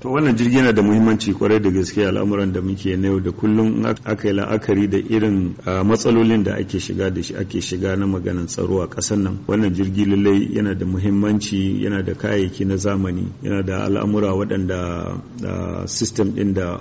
to wannan jirgi yana da muhimmanci kwarai da gaske al'amuran da muke na yau da kullum aka yi la'akari da irin matsalolin da ake shiga da shi ake shiga na maganin tsaro a ƙasar nan wannan jirgi lallai yana da muhimmanci yana da kayayyaki na zamani yana da al'amura waɗanda system ɗin da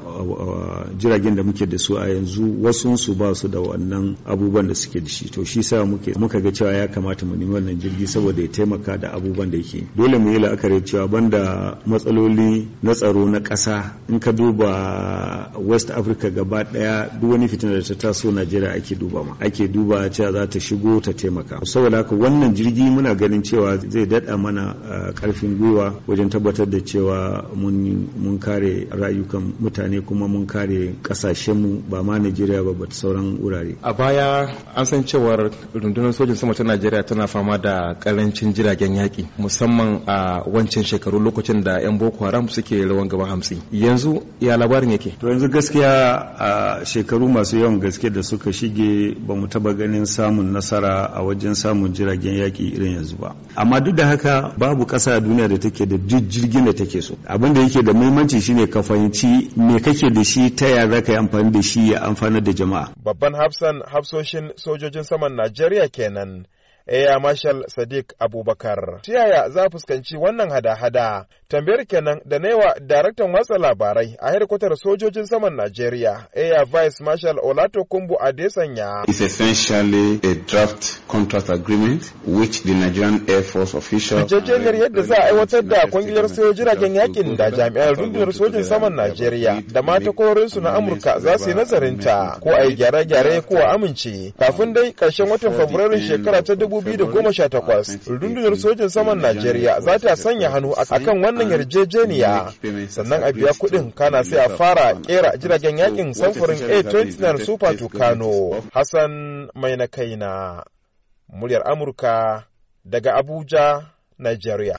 jiragen da muke da su a yanzu wasu su ba su da wannan abubuwan da suke da shi to shi sa muke muka ga cewa ya kamata mu nemi wannan jirgi saboda ya taimaka da abubuwan da yake dole mu yi la'akari cewa banda matsaloli na tsaro tsaro na ƙasa in ka duba west africa gaba ɗaya duk wani fitina da ta taso najeriya ake duba ma ake duba cewa za ta shigo ta taimaka saboda haka wannan jirgi muna ganin cewa zai daɗa mana eh, ƙarfin gwiwa wajen tabbatar da cewa mun kare rayukan mutane kuma mun kare ƙasashenmu ba ma najeriya ba bata sauran wurare a baya an san cewar rundunar sojin sama ta najeriya tana fama da ƙarancin jiragen yaƙi musamman a wancan shekaru lokacin da 'yan boko haram suke rawa gaban gaban hamsin yanzu ya labarin yake to yanzu gaskiya a shekaru masu yawan gaske da suka shige ba mu taba ganin samun nasara a wajen samun jiragen yaki irin yanzu ba amma duk da haka babu ƙasa a duniya da take da duk jirgin da take so abin da yake da muhimmanci shine ka fahimci me kake da shi ta za zaka yi amfani da shi ya amfanar da jama'a babban hafsan hafsoshin sojojin saman Najeriya kenan Eh, Air Marshal Sadiq Abubakar. Ta yaya za fuskanci wannan hada-hada? Tambayar kenan da naiwa daraktan watsa labarai a hedkwatar sojojin saman Najeriya, eh, Air Vice Marshal Kumbu Adesanya. It's essentially a draft contract agreement which the Nigerian Air Force official. Yarjejeniyar yadda za a aiwatar da kungiyar sayo jiragen yakin da jami'an rundunar sojin saman Najeriya da mata su na Amurka za su yi nazarinta ko a yi gyare-gyare ko a amince kafin dai ƙarshen watan Fabrairu shekara ta dubu 2018 rundunar sojin saman Najeriya za ta sanya hannu akan wannan yarjejeniya sannan a biya kuɗin kana sai a fara kera jiragen yakin samfurin A29 Super Tucano. Hassan mai na kaina muryar Amurka daga Abuja, Najeriya.